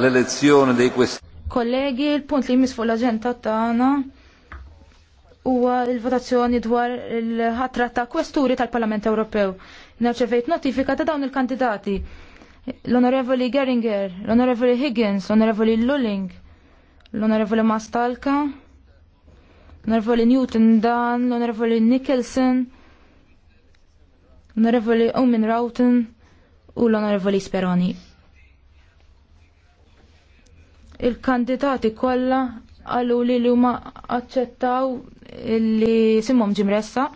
l-elezzjoni dei questi. Kollegi, il-punt li jmiss fuq l agenda tagħna huwa l-votazzjoni dwar il-ħatra ta' kwesturi tal-Parlament Ewropew. Nerċevejt notifika ta' dawn il-kandidati. L-Onorevoli Geringer, l-Onorevoli Higgins, l-Onorevoli Lulling, l-Onorevoli Mastalka, l-Onorevoli Newton Dan, l-Onorevoli Nicholson, l-Onorevoli Omin Rauten u l-Onorevoli Speroni il-kandidati kollha għallu li li huma aċċettaw li simhom ġimressa.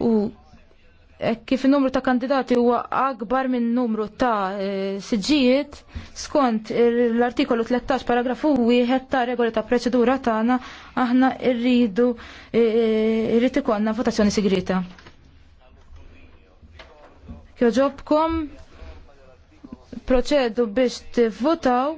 U kif il-numru ta' kandidati huwa akbar minn numru ta' e, siġijiet, skont l-artikolu 13 paragrafu wieħed ta' regoli ta' proċedura tagħna aħna rridu irrid e, e, ikollna votazzjoni segreta. Kjoġobkom Proċedu biex tivvotaw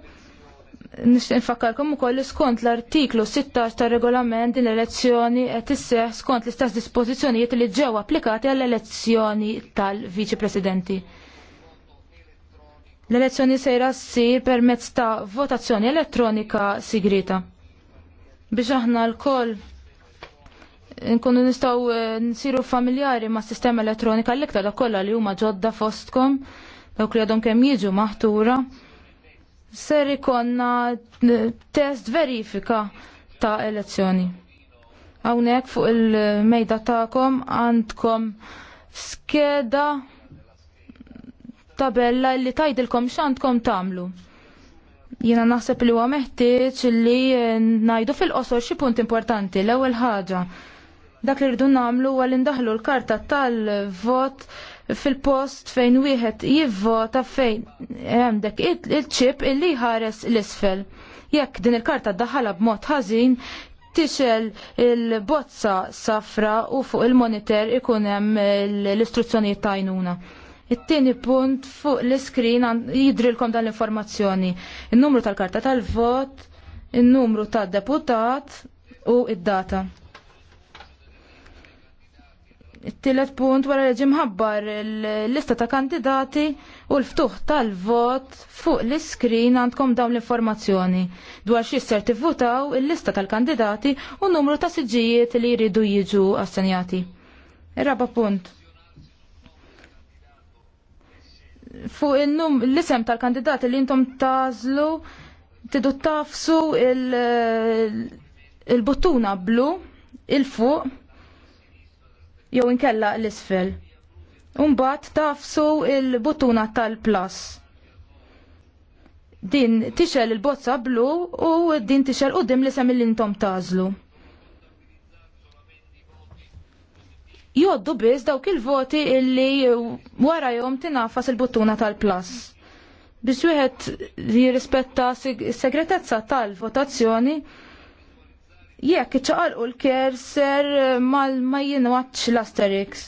nixtieq infakkarkom ukoll li skont l-artiklu 16 tar regolament din l-elezzjoni qed isseħ skont l-istess dispożizzjonijiet li ġew applikati għall-elezzjoni tal-Viċi Presidenti. L-elezzjoni sejra ssir permezz ta' votazzjoni elettronika sigrita. Biex aħna l-koll nkunu nistgħu eh, nsiru familjari ma' sistema elettronika l-iktar da kollha li huma ġodda fostkom dawk li għadhom kemm jiġu maħtura ser ikonna test verifika ta' elezzjoni. Hawnhekk fuq il-mejda tagħkom għandkom skeda tabella li tajdilkom x'għandkom tagħmlu. Jiena naħseb li huwa meħtieġ li ngħidu fil-qosor xi punt importanti l-ewwel ħaġa. Dak li rridu nagħmlu huwa li ndaħlu l-karta tal-vot fil-post fejn wieħed jivvota fejn għandek il-ċip illi ħares l-isfel. Jekk din il-karta daħala b'mod ħażin, tixel il-bozza safra u fuq il-monitor ikun hemm l-istruzzjonijiet tajnuna. It-tieni punt fuq l-iskrin jidrilkom dan l-informazzjoni. Il-numru tal-karta tal-vot, il-numru tad-deputat u id-data. Tillet punt wara li ġimħabbar l-lista ta' kandidati u l-ftuħ tal-vot fuq l-iskrin għandkom dawn l-informazzjoni dwar xi ser tivvutaw il-lista tal-kandidati u numru ta' siġijiet li jridu jiġu assenjati. Raba punt. Fuq l-isem tal-kandidati li intom tażlu tidu tafsu il-buttuna blu il-fuq jew inkella l-isfel. Umbat tafsu il-buttuna tal-plus. Din tixel il-bozza blu u din tixel qudiem li sem l-intom tażlu. joddu biz dawk il-voti illi wara jom tinafas il-buttuna tal-plus. Biex wieħed jirrispetta segretezza tal-votazzjoni, jekk iċċaqalqu l-kerser eh, mal ma jinwaċ l-Asterix.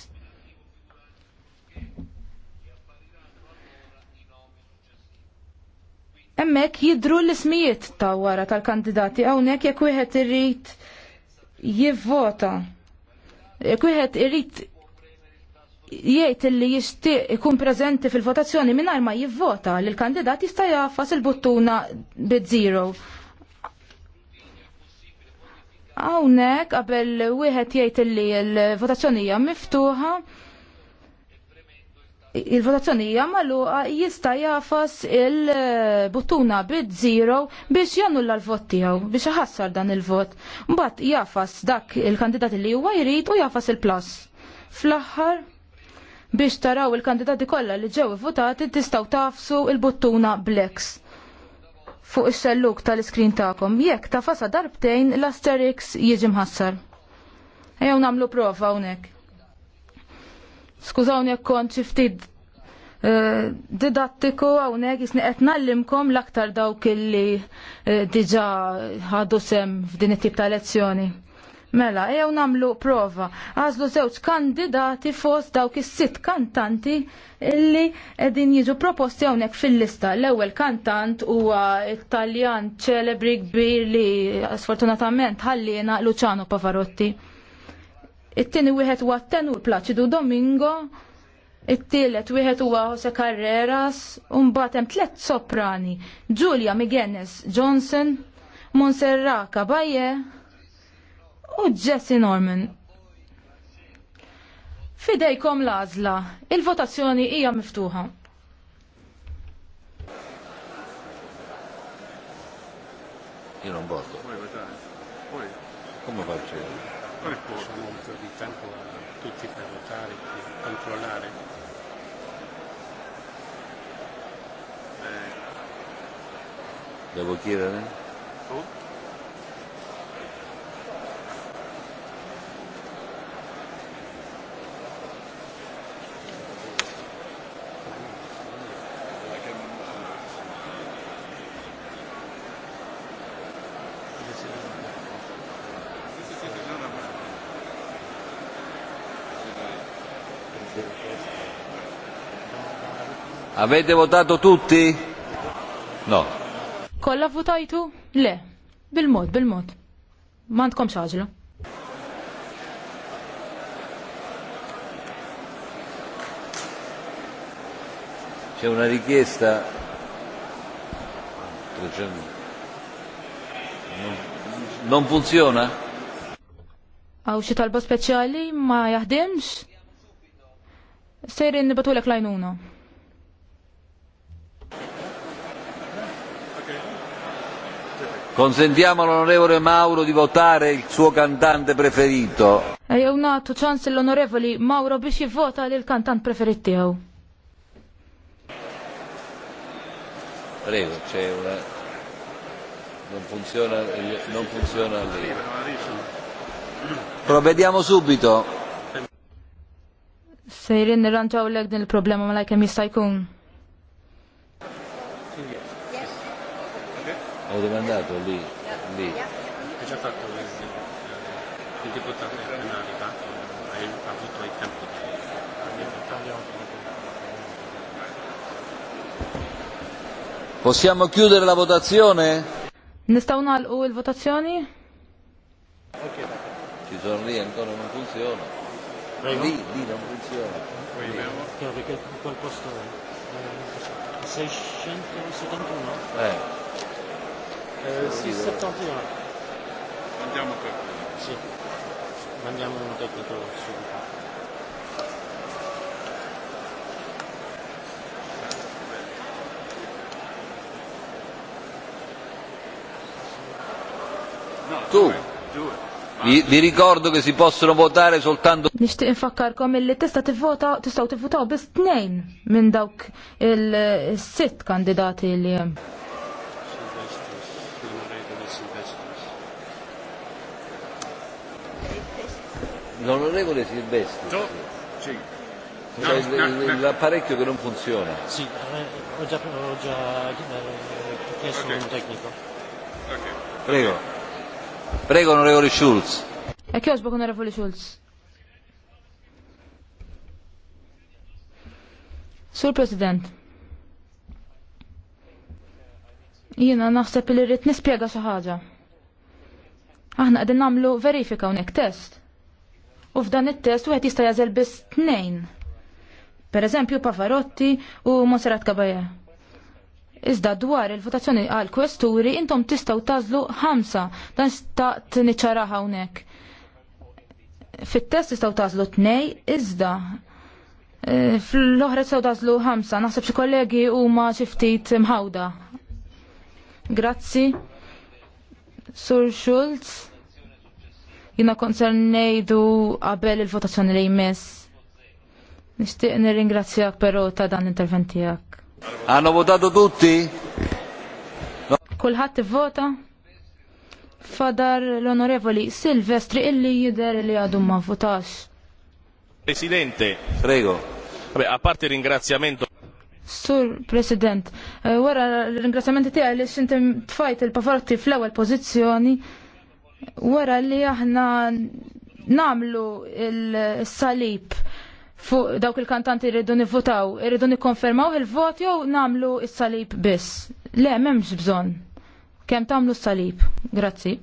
Emmek jidru l-ismijiet ta' wara tal-kandidati hawnhekk jekk wieħed irrit jivvota. Jekk wieħed irrit jgħid illi jixtieq ikun preżenti fil-votazzjoni mingħajr ma jivvota, l-kandidat jista' jafas il-buttuna bit zero. Hawnhekk qabel wieħed jgħid li l-votazzjoni hija miftuħa il-votazzjoni hija magħluqa jista' jafas il-buttuna bit zero biex janulla l-vot tiegħu biex iħassar dan il-vot. Mbagħad jafas dak il-kandidat li huwa jrid u jafas il-plus. Fl-aħħar biex taraw il-kandidati kollha li ġew votati tistgħu tafsu il-buttuna blacks fuq is-selluk tal-iskrin tagħkom. Jekk ta' fasa darbtejn l-asterix jiġi mħassar. Ejjew nagħmlu prova hawnhekk. Skużawni jekk kont xi ftit eh, didattiku hawnhekk jisni qed nallimkom l-aktar dawk illi eh, diġà ħadu sem f'din it-tip ta' lezzjoni. Mela, jew namlu prova. Għazlu żewġ kandidati fost dawk is-sitt kantanti illi qegħdin jiġu proposti hawnhekk fil-lista. L-ewwel kantant huwa Italjan ċelebri kbir li sfortunatament ħallina Luciano Pavarotti. It-tieni wieħed huwa tenur Placidu Domingo, it-tielet wieħed huwa Jose Carreras, u mbagħad hemm tliet soprani: Giulia Migenes Johnson, Monserrat Caballé, u Jesse Norman. Fidejkom l il-votazzjoni hija miftuħa. Io non voto. Come faccio io? di tempo a tutti per votare, per controllare. Eh. Devo chiedere? Oh? Avete votato tutti? No. Kolla votajtu? Le. Bil-mod, bil-mod. Mandkom xaġla. C'è una richiesta. Non, funziona? Għaw xi talba speċjali ma jaħdimx? Sejrin nibatulek lajnuna. Consentiamo all'onorevole Mauro di votare il suo cantante preferito. Ejjew nagħtu ċans chance l'onorevole Mauro biex jivvota lil kantant preferit tiegħu. Prego, c'è una non funziona non funziona lì. Provvediamo subito. Se nirranġaw l-ek din il-problema ma mi jista' con... Ho domandato lì. lì. È già fatto il eh, deputato penale arrivato, ha avuto i tempi di Possiamo chiudere la votazione? Ne sta una o il votazioni? Ok, Ci sono lì ancora non funziona. Prego. Lì, lì non funziona. Lì. Perché in quel posto è 671? Eh. Euh, Andiamo Sì, un tecnico subito. Tu, vi, ricordo che si possono votare soltanto... Nishtiq kom illi tista tivvota, tistaw tivvotaw bis tnejn minn dawk il-sitt kandidati li jem. L'onorevole Silvestri. No, sì. No, cioè, no, no. L'apparecchio che non funziona. Sì, eh, ho già, ho già eh, chiesto okay. un tecnico. Okay. Prego. Prego, onorevole Schulz. E che ho sbocco, onorevole Schulz? Sur President. Jiena naħseb li rrid nispjega xi ħaġa. Aħna qegħdin nagħmlu verifika hawnhekk test. U f'dan it-test wieħed jista' jażel biss tnejn. Pereżempju Pavarotti u Monserrat Kabaja. Iżda dwar il-votazzjoni għal kwesturi intom tistgħu tażlu ħamsa dan staqt niċċara hawnhekk. Fit-test tistgħu tażlu tnej iżda e, fl-oħra tistaw tażlu ħamsa naħseb xi kollegi huma xi ftit mħawda. Grazzi. Sur Schulz jina nejdu qabel il-votazzjoni li jmiss. Nishtiq nir-ringrazzjak pero ta' dan l-interventijak. Għanno votato tutti? Kulħat vota? Fadar l-onorevoli Silvestri illi jider li għadu ma votax. Presidente, prego. Vabbè, a parte il ringraziamento. Sur President, eh, wara l-ringrazzjamenti tiegħi li xinti tfajt il-pavarti fl-ewwel pożizzjoni wara li aħna namlu il-salib fuq dawk il-kantanti rridu nivvotaw, irridu nikkonfermaw il-vot jew namlu il-salib biss. Le, memx bżon. Kem tamlu s-salib. Grazzi.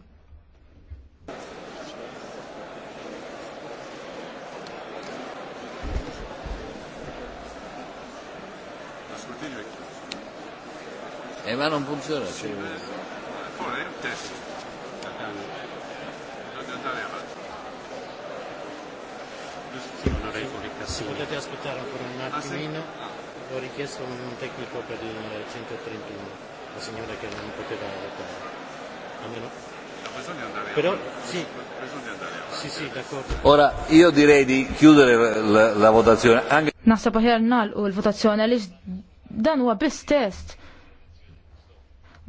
E ma non funziona. Sì, Potete aspettare ancora un ah, attimino, ah. ho richiesto un tecnico per il 131, la signora che non poteva votare. Ora io direi di chiudere la, la votazione. Anche... Naħseb aħjar nalqu l-votazzjoni għaliex dan huwa biss test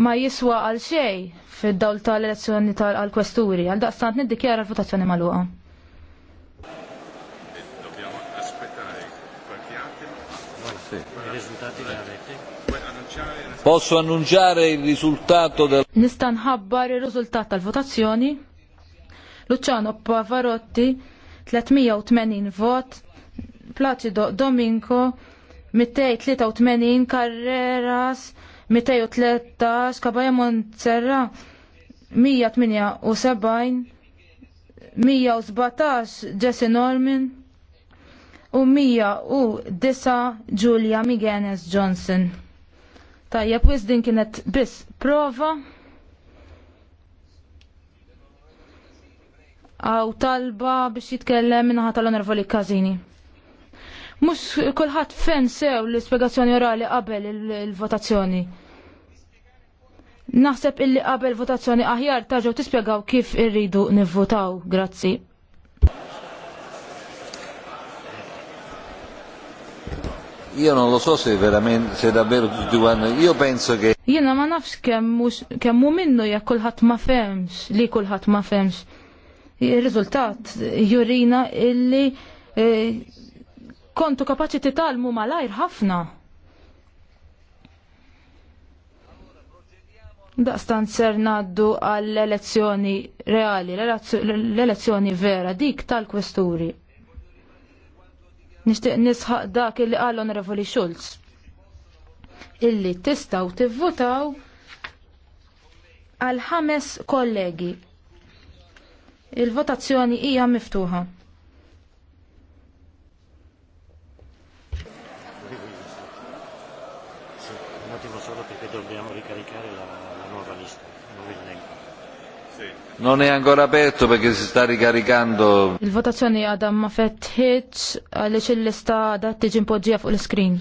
ma jiswa għal xejn fid-dawl tal-elezzjoni tal-kwesturi għal daqstant niddikjara l-votazzjoni magħluqa. Posso annunciare il risultato del... Nista nħabbar il-riżultat tal-votazzjoni. Luciano Pavarotti 380 vot, Placido Domingo 283, Carreras 213, Cabaja Montserra 178, 117, Jesse Norman u Mija u disa' Julia Migenes Johnson. Tajjeb, wis din kienet biss prova. Aw talba biex jitkellem minnaħa tal-onorvoli Kazini. Mux kullħat fen sew l ispiegazzjoni orali qabel il-votazzjoni. Naħseb illi qabel votazzjoni aħjar tarġaw tispiegaw kif irridu nivvotaw. Grazzi. Io non lo so se veramente, se davvero tutti quanti, io penso che... non ma nafx kemmu minnu jek hat ma fems li hat ma femx. Il-rizultat jurina illi eh, kontu kapaċi titalmu malajr ħafna. Daqstan ser naddu għall-elezzjoni reali, l-elezzjoni vera, dik tal-kwesturi. Nixtieq nisħaq dak illi qal Onorevoli Schulz. Illi tistgħu tivvutaw għal ħames kollegi. Il-votazzjoni hija miftuħa. Non è ancora aperto perché si sta ricaricando. Il-votazzjoni għadha ma Hitch, għaliex il-lista għadha tiġi mpoġġija fuq l-iskrin.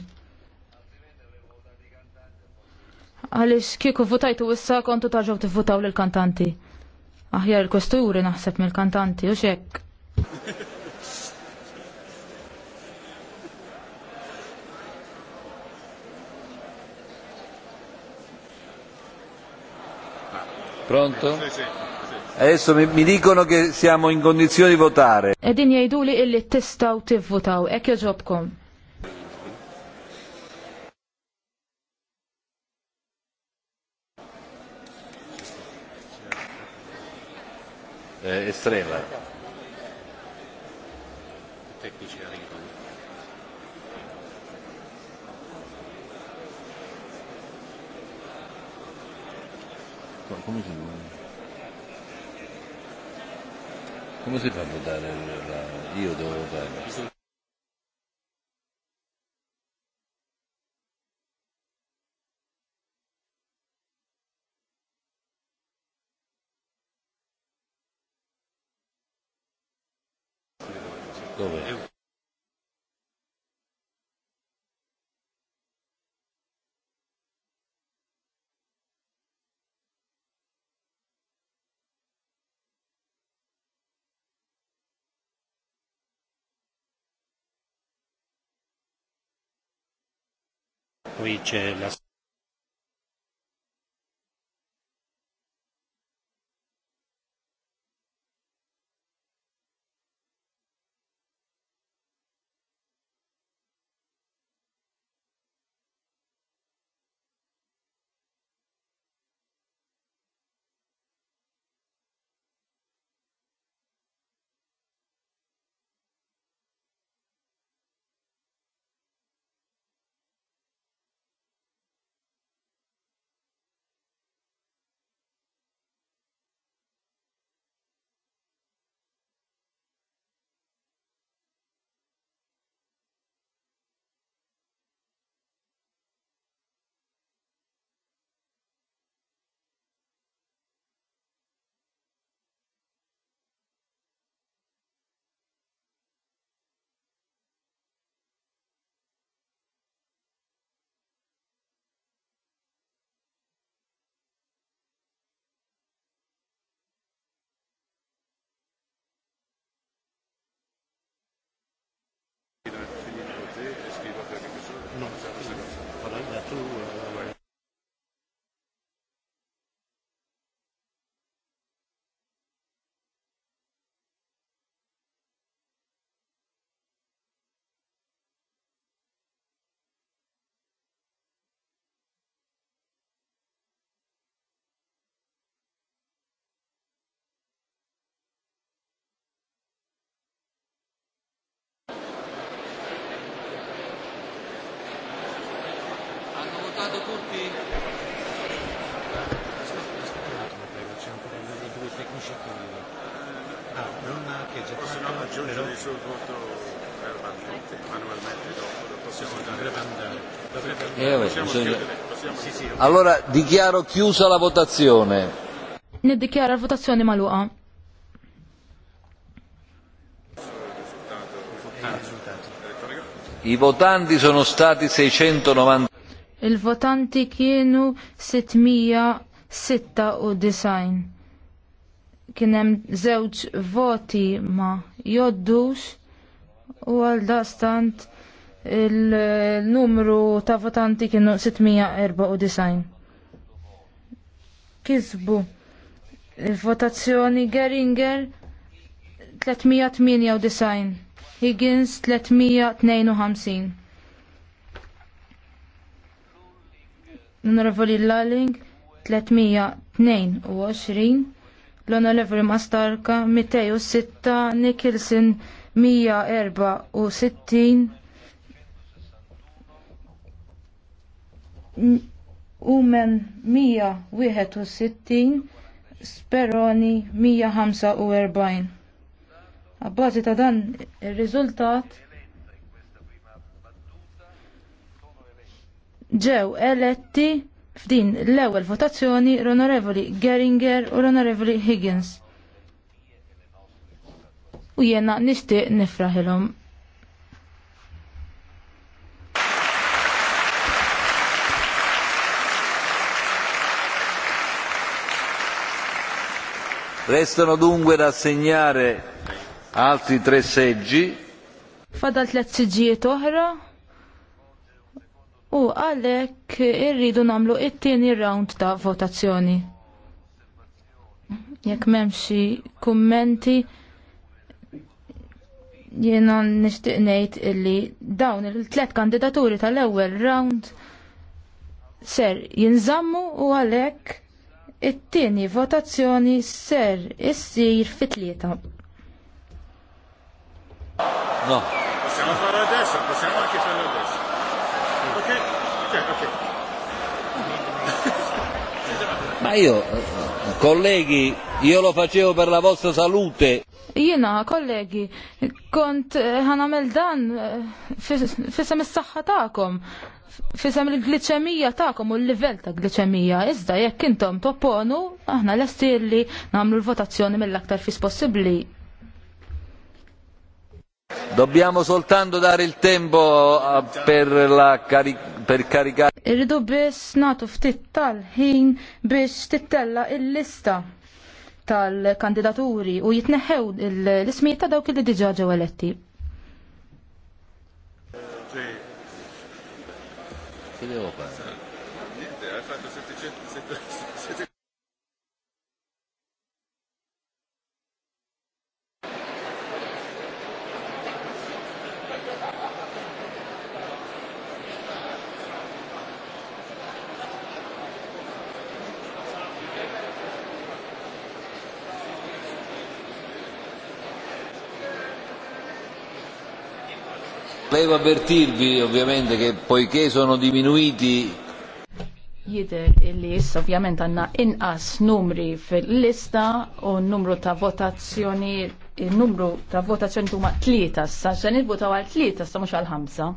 Għaliex kieku votajtu issa kontu tarġgħu tivvutaw lil kantanti. Aħjar il-kwesturi naħseb mill-kantanti u xek. Pronto? Sì, sì. Adesso mi, mi dicono che siamo in condizioni di votare. E Edin jajdu li illi tistaw tivvotaw, ekk joġobkom. Eh, estrema. I tecnici arrivano. Come si chiama? Come si fa a votare la... Io devo votare. Dove? which uh, ragione, no? allora dichiaro chiusa la votazione. Ne dichiara la votazione maluqa. I votanti sono stati 690. Il votanti kienu design kien hemm żewġ voti ma joddux u għal dastant il-numru ta' votanti kienu 694. Kisbu il-votazzjoni Geringer 398, Higgins 352. Onorevoli Lalling 322 l-Onorevoli Mastarka 206, Nicholson 164 Umen 161 Speroni 145 Abbażi ta' dan ir-riżultat ġew eletti f'din l-ewwel votazzjoni l-Onorevoli Geringer u l-Onorevoli Higgins. U jena nixtieq nifraħilhom. Restano dunque da assegnare altri tre seggi. Fadal tliet seġġijiet oħra u għalhekk irridu nagħmlu it-tieni round ta' votazzjoni. Jekk m'hemm xi kummenti jena nixtieq ngħid illi dawn il-tlet kandidaturi tal-ewwel round ser jinżammu u għalhekk it-tieni votazzjoni ser issir fit-tlieta. No. Ma io, colleghi, io lo facevo per la vostra salute. Jina, kollegi, kont eh, ħanamel dan eh, fissem is-saħħa tagħkom, fissem il-gliċemija tagħkom u l-livell ta' gliċemija. Iżda jekk intom topponu, aħna lesti li nagħmlu l-votazzjoni mill-aktar fis possibbli. Dobbiamo soltanto dare il tempo per, la cari per caricare. Irridu biss natu ftit tal-ħin biex tittella il-lista tal-kandidaturi u jitneħew l-ismijiet ta' dawk li diġà ġew eletti. Che devo fare? Volevo avvertirvi ovviamente che poiché sono diminuiti jider illi jissa ovvjament għanna inqas numri fil-lista u numru ta' votazzjoni, il-numru ta' votazzjoni tuma tlieta, sa' xan il-votaw għal tlieta, sa' mux għal ħamsa.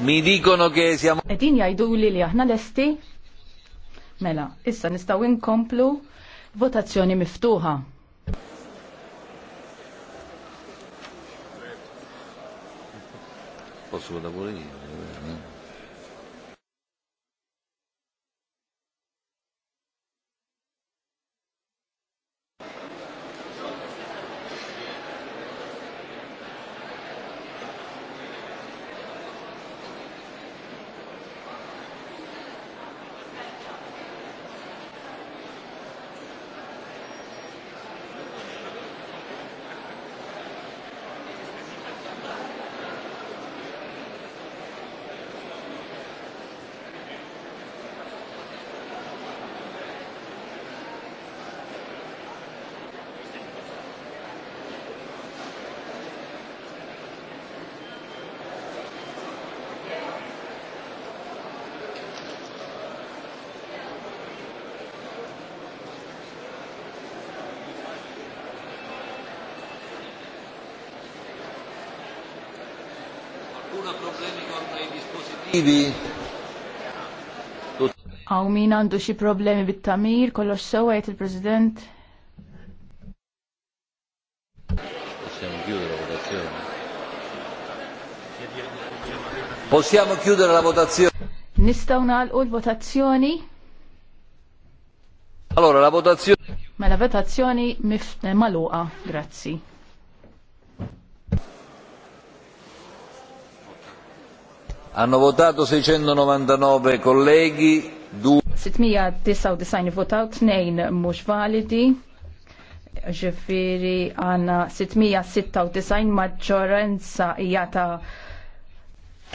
Mi dikono che siamo... Edin jajdu li li aħna lesti? Mela, issa nistaw inkomplu votazzjoni miftuħa. Posso votare pure io? Eh, eh. problemi Għaw min għandu xie problemi bit-tamir, kollox sewa jgħid il-President. Possiamo chiudere la votazione. Nistaw nagħlqu l-votazzjoni? Allora, la votazzjoni... Ma la votazzjoni mif eh, maluqa, grazzi. Hanno votato 699 colleghi, 699 votaw, 2 mhux validi. Ġifieri għandna 696 maġġoranza hija ta'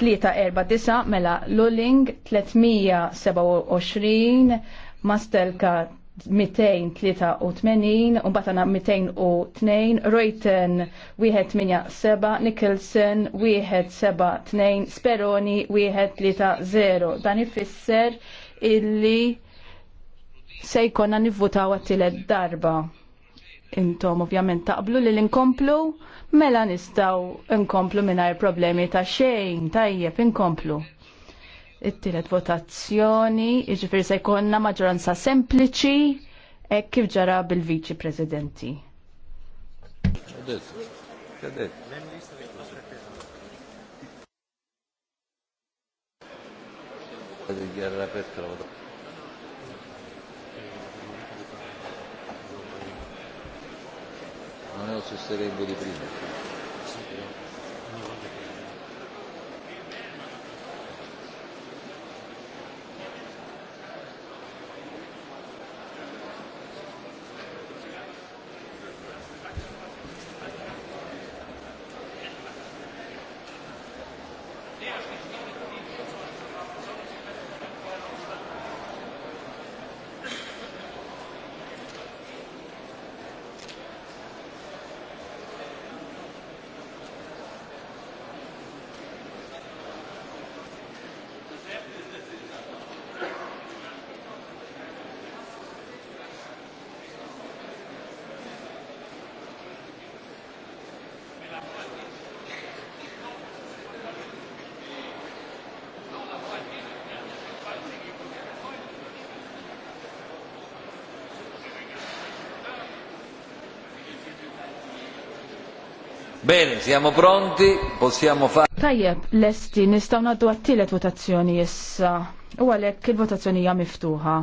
349 mela Lulling 327 Mastelka 283, unbatana 202, Reuten 187, Nicholson 172, Speroni 130. Dan ifisser illi se jkonna nivvutaw tielet darba. Intom ovvjament taqblu li l-inkomplu, mela nistaw inkomplu minnaj problemi ta' xejn, tajjeb inkomplu it-tielet votazzjoni, jiġifieri se jkollna maġġoranza sempliċi hekk kif ġara bil-viċi presidenti. Non è lo stesso di prima. Bene, siamo pronti, possiamo fare. Tajjeb, lesti, nistaw naddu għattilet votazzjoni issa. U għalek, il-votazzjoni hija miftuħa.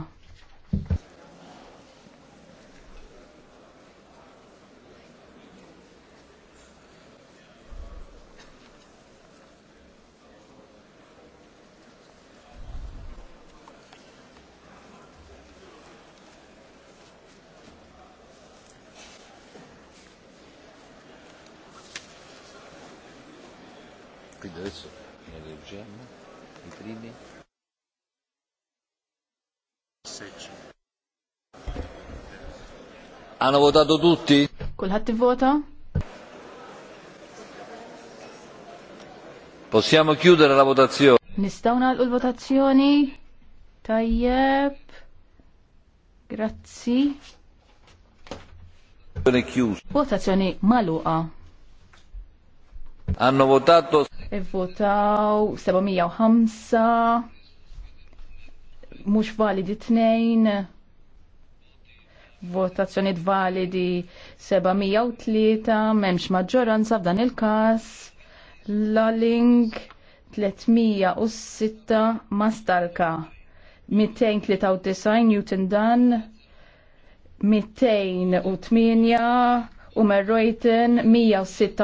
Hanno votato tutti? Kulħadd ivvota? Possiamo chiudere la votazione. Nistgħu nagħlqu l-votazzjoni? Tajjeb. Grazzi. Votazzjoni maluqa. Hanno votato e Votaw 705 mhux validi 2 votazzjoniet validi 703 memx maġġoranza f'dan il-kas Laling 306 Mastalka 293 Newton Dan 208 Umer Reuten 186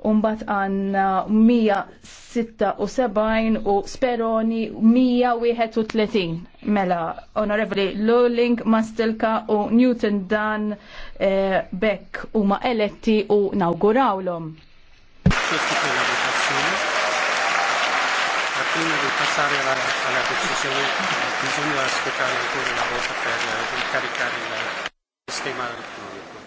Umbat għanna 176 u Speroni 131. Mela, onorevoli Lulling, Mastelka u Newton Dan eh, Beck u ma eletti u nawgurawlom. prima di passare alla, alla decisione bisogna aspettare ancora una volta per eh, ricaricare il sistema elettronico.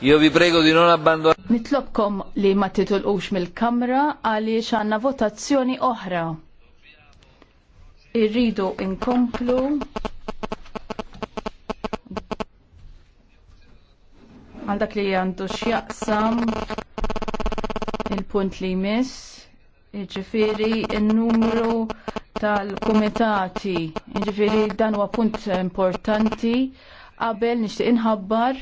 Io vi prego di non abbandonare. Nitlobkom li ma titulqux mill-kamra għaliex għandna votazzjoni oħra. Irridu inkomplu. Għal dak li għandu x'jaqsam il-punt li jmiss, iġifiri n-numru tal-kumitati, iġifiri dan huwa punt importanti qabel nixtieq inħabbar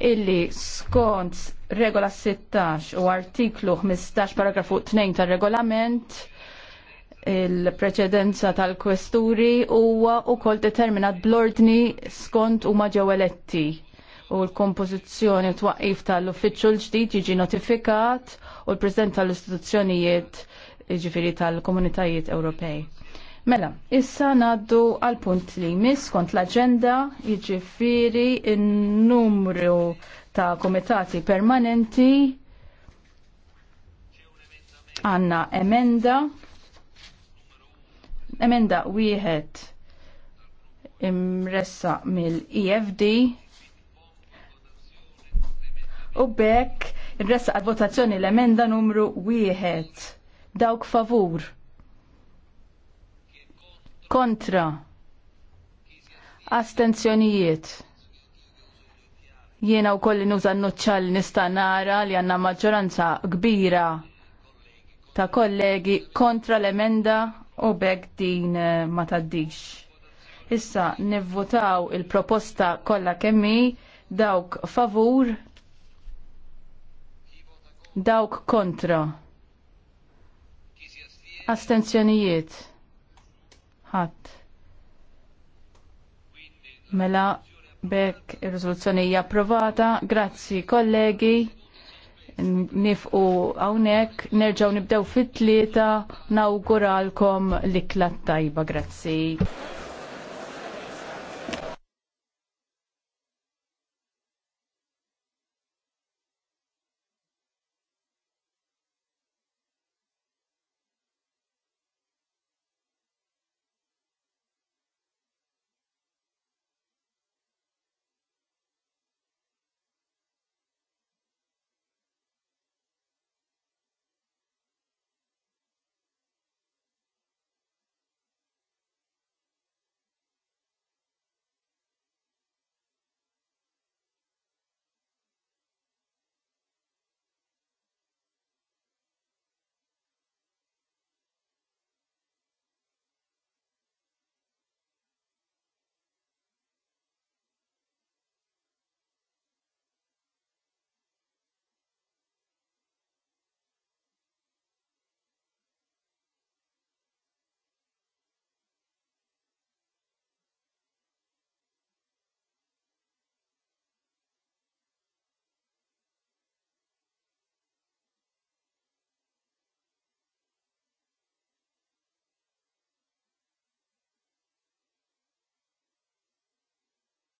illi skont regola 16 u artiklu 15 paragrafu 2 tal-regolament il-preċedenza tal-kwesturi huwa wkoll determinat blordni skont huma ġew eletti u l-kompożizzjoni twaqif tal-uffiċċju l-ġdid jiġi notifikat u l-President tal-istituzzjonijiet jiġifieri tal-Komunitajiet Ewropej. Mela, issa naddu għal punt li jmiss kont l-agenda jiġifieri n-numru ta' komitati permanenti għanna emenda emenda wieħed imressa mill-EFD u bekk imressa għal votazzjoni l-emenda numru wieħed dawk favur kontra astenzjonijiet jiena u kolli nuża nuċċa li nista' nara li għandna maġġoranza kbira ta' kollegi kontra l-emenda u bekk din eh, ma taddix. Issa nivvotaw il-proposta kollha kemmi dawk favur dawk kontra. Astenzjonijiet ħadd. Mela bekk ir-riżoluzzjoni hija approvata. Grazzi kollegi. Nifqu hawnhekk, nerġgħu nibdew fit-tlieta, nawguralkom l-ikla tajba, grazzi.